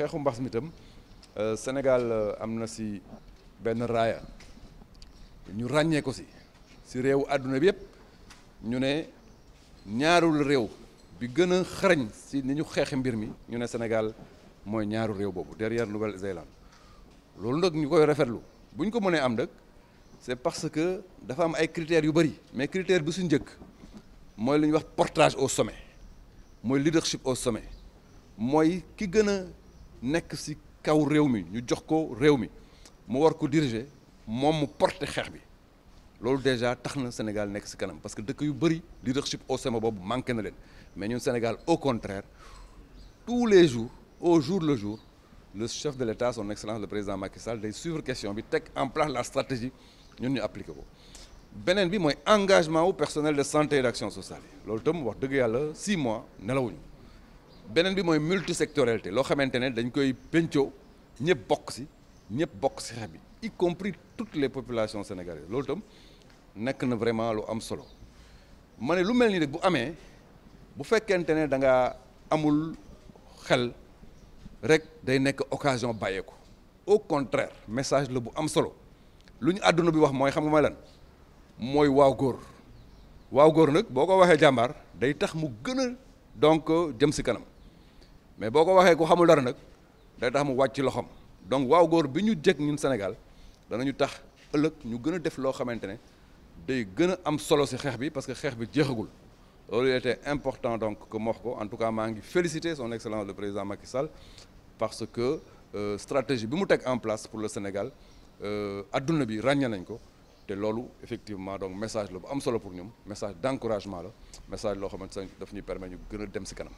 xeexu mbax mi tam euh, Sénégal euh, am na si benn raaya ñu ràññee ko si si réewu àdduna bi yëpp ñu ne ñaarul réew bi gën a xarañ si ni ñu xeexe mbir mi ñu ne Sénégal mooy ñaaru réew boobu derrière Nouvelle-Zélande loolu nag ñu koy rafetlu bu ñu ko mënee am nag c'est parce que dafa am ay critères yu bëri mais critère bi su njëkk mooy lu ñuy wax portage au some mooy leadership au some mooy ki gën a nek ci kaw réew mi ñu jox ko réew mi mu war ko diriger moom mu porter xeex bi loolu déjà tax na Sénégal nekk si kanam parce que dëkk yu bëri leadership au sommet boobu manqué na leen mais ñun Sénégal au contraire tous les jours au jour le jour le chef de l'État son excellence le président Macky Sall day suivre question bi teg en place la stratégie ñun ñu appliqué ko. beneen bi mooy engagement wu personnel de santé et d'action sociale loolu itam wax dëgg yàlla six mois nelawuñu beneen bi moy multisectorialité lo xamantene dañ koy pencoo ñepp bokk ci ñepp bokk ci xeex bi y compris toutes les populations sénégalaises loolu tam nek na vraiment lu am solo mané lu melni rek bu amé bu fekkente ne da nga amul xel rek day nekk occasion bàyyeeku au contraire message la bu am solo lu ñu àdduna bi wax mooy xam nga mooy lan mooy waaw góor waaw góor nag boo ko waxee jàmbaar day tax mu gën a donc jëm si kanam mais boo ko xamul dara nak day tax mu wacc loxam donc waaw gor biñu ñu ñun Sénégal danañu tax ëlëk ñu gëna def lo xamantene day gëna am solo ci xex bi parce que xex bi djexagul lolu il était important donc que moox ko en tout cas ma ngi féliciter son excellence le président Macky Sall parce que euh, stratégie bi mu tek en place pour le Sénégal euh, aduna bi ràññee nañ ko té lolu effectivement donc message lo am solo pour ñum message d'encouragement la message lo xamantene daf ñu permettre ñu gëna dem kanam